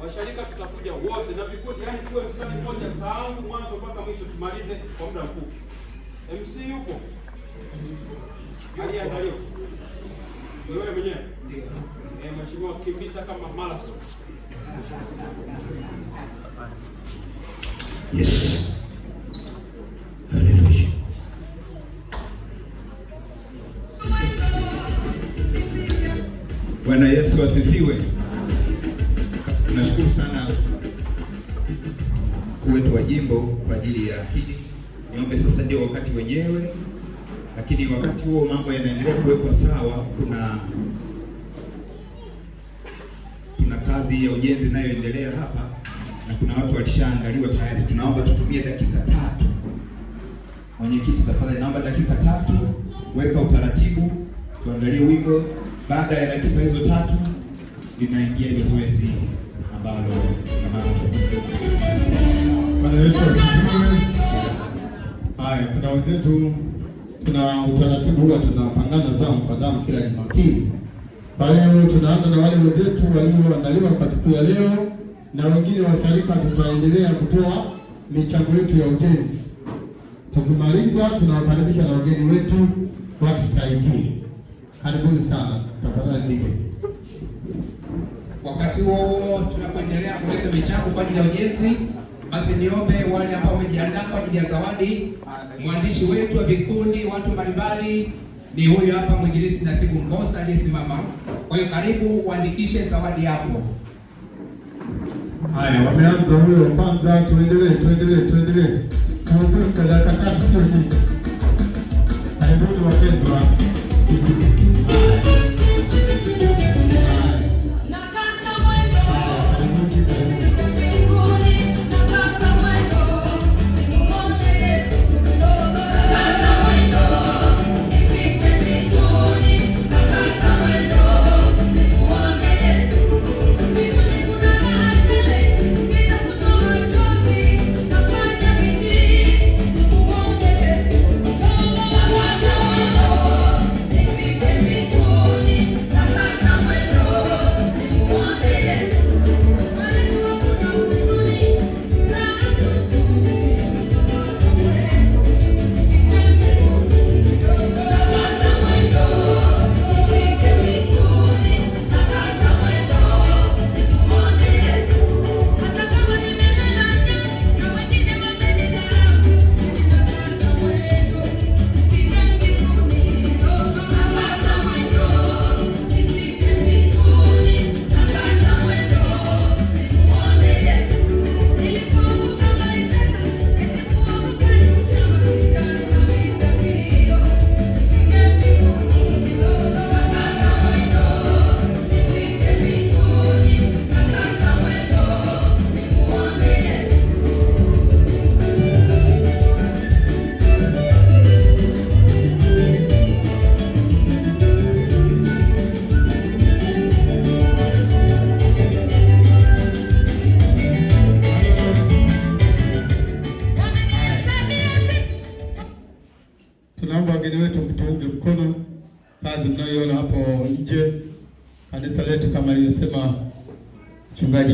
Washarika tutakuja wote na vikundi, yani tuwe mstari mmoja tangu mwanzo mpaka mwisho, tumalize kwa muda mfupi. MC yuko aliandaliwa, wewe mwenyewe eh, mheshimiwa, kimbiza kama marathon. Yes. Bwana Yesu asifiwe. Tunashukuru sana mkuu wetu wa jimbo kwa ajili ya hili. Niombe sasa ndio wakati wenyewe, lakini wakati huo mambo yanaendelea kuwekwa sawa. Kuna kuna kazi ya ujenzi inayoendelea hapa na kuna watu walishaangaliwa tayari. Tunaomba tutumie dakika tatu. Mwenyekiti tafadhali, naomba dakika tatu, weka utaratibu, tuangalie wimbo. Baada ya dakika hizo tatu linaingia zoezi ambalo Bwana Yesu asifiwe. Haya, kuna wenzetu, tuna utaratibu huwa tunapangana zamu kwa zamu kila Jumapili. Kwa hiyo tunaanza na wale wenzetu walioandaliwa kwa siku ya leo, na wengine washarika, tutaendelea kutoa michango yetu ya ujenzi. Tukimaliza tunawakaribisha na wageni wetu watusaidie. Karibuni sana tafadhali, ndike Wakati huo huo tunapoendelea kuleta michango kwa ajili ya ujenzi, basi niombe wale ambao wamejiandaa kwa ajili ya zawadi, mwandishi wetu wa vikundi, watu mbalimbali ni huyu hapa mwinjilisti Nasibu Mbosa aliyesimama. Kwa hiyo karibu uandikishe zawadi yako. Haya, wameanza huyo kwanza, tuendelee, tuendelee, tuendelee, dakika tatu, sio nyingi. Karibuni wapendwa. naomba wageni wetu mtuunge mkono kazi mnayoona hapo nje kanisa letu, kama alivyosema mchungaji.